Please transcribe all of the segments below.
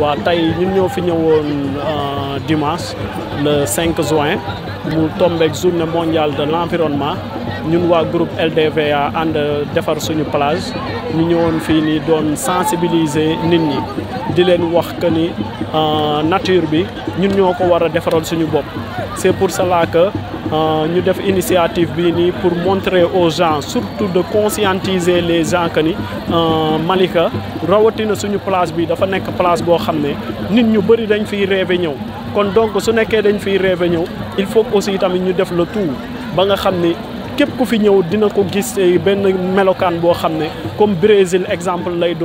waaw tey ñun ñoo fi ñëwoon euh, dimanche le 5 juin mu tombeek journée mondiale de l'environnement ñun waa groupe LDVA ànd defar suñu plage ñu ñëwoon fii nii doon sensibiliser nit ñi di leen wax que ni euh, nature bi ñun ñoo ko war a defaral suñu bopp c'est pour cela que avons euh, def initiative pour montrer aux gens surtout de conscientiser les gens que ni euh, Malika rawatina suñu place bi dafa place bo xamné nit ñu dañ donc su nekké dañ fiy il faut aussi tamit ñu def le tout ba nga xamné képp ku fi ñew dina ko gis eh, comme Brésil exemple lay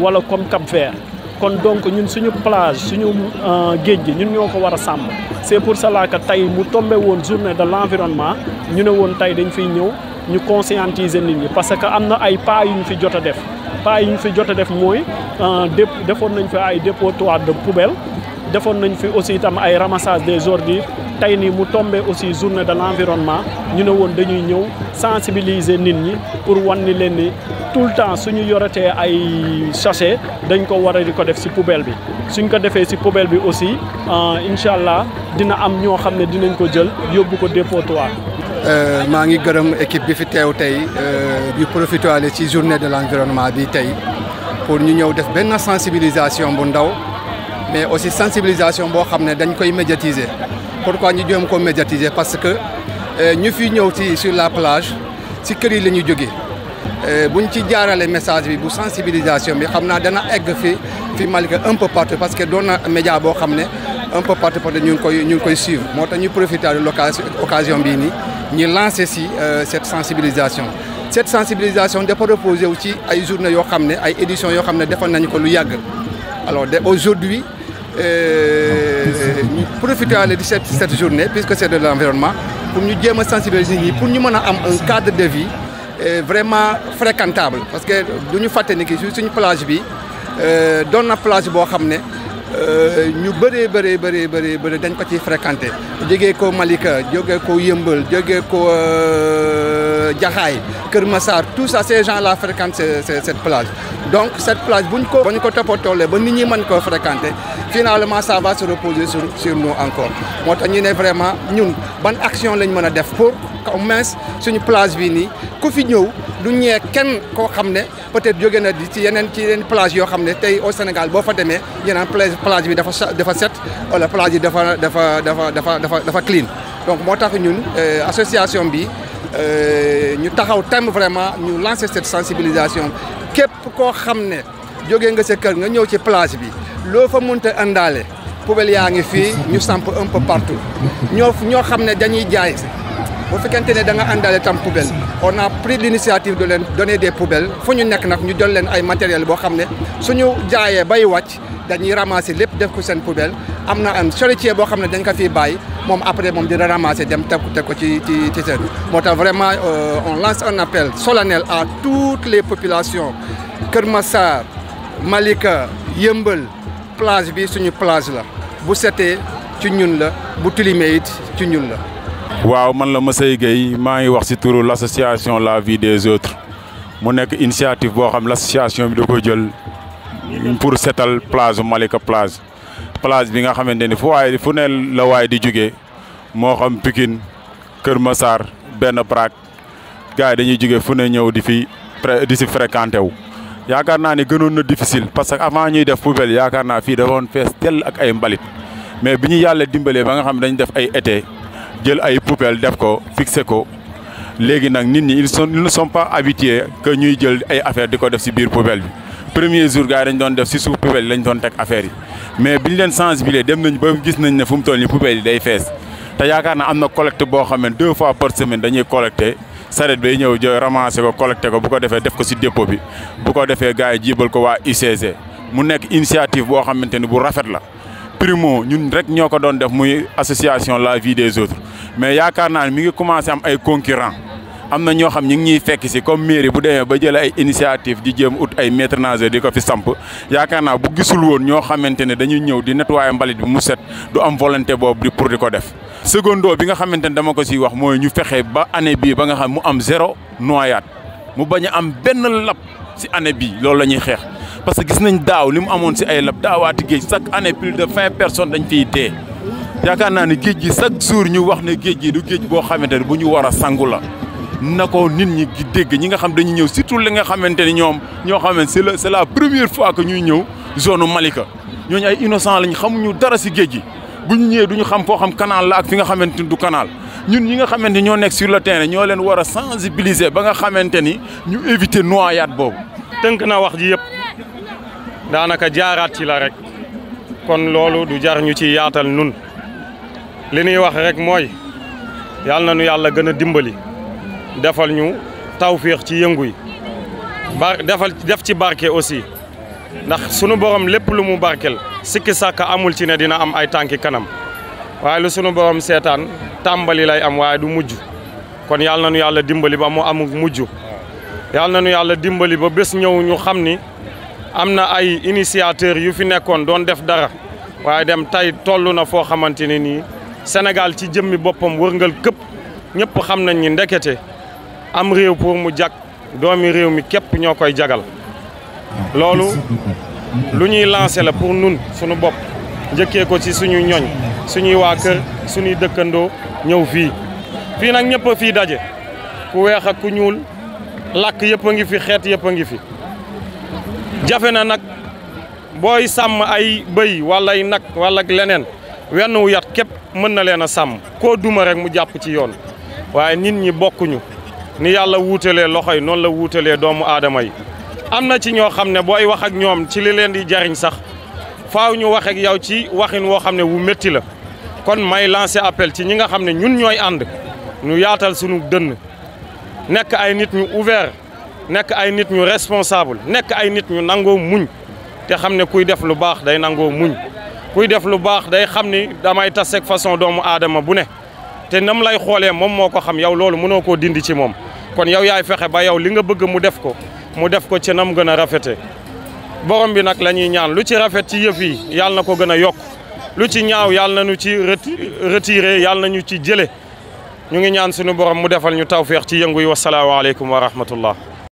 wala comme Cap-Vert kon donc ñun suñu plage suñu euh, géej gi ñun ñoo ko war a sàmm c'est pour cela tey mu tombe woon journée de l'environnement ñu ne woon tey dañu fiy ñëw ñu conscientiser nit ñi parce que am na ay pas yu ñu fi jot a def pas yu ñu fi jot a def mooy euh, dép defoon nañu fi ay dépotoir de poubelle defoon nañ fi aussi itam ay ramassage des ordures tey ni mu tombé aussi journée de l'environnement ñu ne woon dañuy ñëw sensibiliser nit ñi pour wan ni leen ni tout le temps suñu yoratee ay sachets dañ ko wara diko def ci poubelle bi suñ ko défé ci poubelle bi aussi euh, incha allah dina am ño xamné dinañ ko jël yóbbu ko dépotoir. euh ma ngi gërëm équipe bi fi téw tay euh bi profitoale ci journée de l'environnement bi tay pour ñu ñëw def ben sensibilisation bu ndaw mais aussi sensibilisation bo xamné dañ koy médiatiser pourquoi ñu jéem ko médiatiser parce que euh, ñu fi ñëw ci sur la plage ci kër yi lañu joggé euh, buñ ci jaarale message bi bu sensibilisation bi xam naa dana egg fi fi Malika un peu partout parce que doon na média boo un peu partout parce que ñu ngi suivre Nous avons ñu profité de l'occasion bii lancer euh, cette sensibilisation cette sensibilisation dafa reposé aussi ci ay journée yoo xam ay éditions yoo xam ne defoon ko lu alors aujourd'hui euh, ñu profité de cette cette journée puisque c'est de l'environnement pour nous jéem sensibiliser pour ñu mën a am un cadre de vie vraiment fréquentable parce que nous ñu fàtte ni ki suñu plage bi euh, dans la plage nous xam euh, ñu beaucoup beaucoup bëree bëree bëri dañ ko ci fréquenté jógee ko Malika jógee ko Yëmbal jógee ko euh, Jaxaay Kër Massar tout ça ces gens là fréquentent cette plage donc cette plage bu ñu ko ba ñu ko toppatoolee ba nit ñi mën fréquenter finalement ça va se reposer sur nous encore moo tax vraiment ñun bonne action lañ mën def pour au moins suñu plage bi ni ku fi ñëw du ñé kenn ko xamné peut-être jogé na ci yenen ci yeneen plage yo xamné tay au Sénégal bo fa démé ñu naan plage bi dafa dafa set wala plage yi dafa dafa dafa dafa dafa dafa clean donc moo tax ñun euh, association bi euh, ñu taxaw tam vraiment ñu lancer cette sensibilisation képp koo xam ne jóge nga sa kër nga ñëw ci plage bi loo fa mënta àndaale poubelle yaa ngi fii ñu samp un peu partout ñoo ñoo xam ne dañuy jaay bu fekkente ne d'anga andale àndaale tam poubelle on a pris l'initiative de leen donner des poubelles fu ñu nekk nag ñu jël leen ay matériel boo xam ne suñu jaayee bay wàcc dañuy ramasser lépp def ko seen poubelle am na am charretier boo xam ne dañ ko fiy bàyyi moom après moom dina ramasser dem teg teg ko ci ci ci seen moo vraiment euh, on lance un appel solennel à toutes les populations Kër Malika Yëmbël plage bi suñu plage la bu setee ci ñun la bu tilimee it ci ñun la waaw man la Masseye Gay, maa ngi wax ci turu l' La Vie des Autres mu nekk initiative boo xam l'association association bi da ko pour setal place, Malika place, place bi nga xamante ni fu waaye ne la waaye di jugé. moo xam Pikine Kër Massar benn Brac gars yi dañuy jugé fu ne ñëw di fi di si fréquenté wu yaakaar naa ni gënoon na difficile parce que avant ñuy def poubelle yaakaar naa fii dafa woon fees tell ak ay mbalit mais bi ñu yàlla dimbalee ba nga xam dañu def ay été jël ay poubelle def ko fixé ko léegi nak nit ñi ils sont ils ne sont pas habitués que ñuy jël ay affaire diko def ci biir poubelle bi premier jour gars dañ doon def ci sous poubelle lañ doon tek affaire yi mais biñu ñu leen sensibiliser dem nañ ba gis nañ ne fu mu toll nii poubelle yi day fess te yaakaar na am na collecte boo xam ne deux fois par semaine dañuy collecté saret bay ñëw jo ramasser ko collecté ko bu ko defee def ko si dépôt bi bu ko defee gars yi jibal ko waa UCG mu nekk initiative boo xamante ni bu rafet la primo ñun rek ñoo ko doon def muy association la vie des autres mais yaakaar naa ne mi ngi commencé am ay concurrent am na ñoo xam ñu ngi ñuy fekki si comme mairie bu demee ba jël ay initiative di jéem ut ay maître nageur di ko fi samp yaakaar naa bu gisul woon ñoo xamante ne dañuy ñëw di nettoyer mbalit bi mu set du am volonté boobu di pour di ko def. secondo bi nga xamante ni dama ko siy wax mooy ñu fexe ba année bii ba nga xam mu am zéro noyade mu bañ a am benn lap si année bii loolu la ñuy xeex. parce que gis nañ daaw li mu amoon si ay lab daawaati géej chaque année plus de 20 personnes dañ fiy dee yaakaar naa ne géej gi chaque jour ñu wax ne géej gi du géej boo xamante ne bu ñu war a sangu nit ñi gi dégg ñi nga xam dañuy ñëw surtout li nga xamanteni ñom ño ñoo c'est la première fois que ñuy ñëw zone Malika ñooñu ay innocent lañ xamu ñu dara ci géej gi bu ñu ñëwee du xam fo xam canal la ak fi nga xamanteni du canal ñun ñi nga xamanteni ño nek sur le terrain ño leen wara sensibiliser ba nga xamanteni ñu éviter noyade boobu. teunk na wax ji yépp daanaka jaaraat ci la rek kon loolu du jar ñu ci yaatal nun li nuy wax rek mooy yal na nu yàlla gën a dimbali defal ñu tawféex ci yëngu yi def ci barke aussi ndax sunu borom lépp lu mu barkel sikki sàkk amul ci ne dina am ay tànki kanam waaye lu sunu borom seetaan tàmbali lay am waaye du mujj kon yal na nu yàlla dimbali ba mu amul mujj yal na nu yàlla dimbali ba bés ñëw xam ni am na ay initiateur yu fi nekkoon doon def dara waaye dem tey toll na foo xamante ne nii Sénégal ci jëmmi boppam wërngal këpp ñëpp xam nañ ni ndekete am réew pour mu jag doomi réew mi képp ñoo koy jagal loolu lu ñuy lancé la pour nun suñu bopp njëkkee ko ci suñu ñoñ suñuy waa kër suñuy dëkkandoo ñëw fii fii nag ñëpp a fii daje ku weex ak ku ñuul làkk yëpp a ngi fi xeet yëpp a ngi fi jafe na nag booy sàmm ay bëy wala ay nag wala leneen wenn wu yat képp mën na leen sàmm koo duma rek mu jàpp ci yoon waaye nit ñi bokkuñu ni yàlla wuutalee loxo yi noonu la wuutalee doomu aadama yi am na ci ñoo xam ne booy wax ak ñoom ci li leen di jariñ sax faaw ñu wax ak yow ci waxin woo xam ne wu métti la kon may lancer appel ci ñi nga xam ne ñun ñooy ànd ñu yaatal sunu dënn nekk ay nit ñu ouvert nekk ay nit ñu responsable nekk ay nit ñu nangoo muñ te xam ne kuy def lu baax day nangoo muñ kuy def lu baax day xam ni damay taseeg façon doomu aadama bu ne te nam lay xoolee moom moo ko xam yow loolu mënoo koo dindi ci moom kon yow yaay fexe ba yow li nga bëgg mu def ko mu def ko ci nam gën a rafete borom bi nag la ñuy ñaan lu ci rafet ci yëf yi yàlla na ko gën a yokk lu ci ñaaw yàlla na ñu ci rëtire yàlla na ñu ci jële ñu ngi ñaan suñu borom mu defal ñu tawféex ci yëngu yi wasalaamaaleykum wa rahmatullah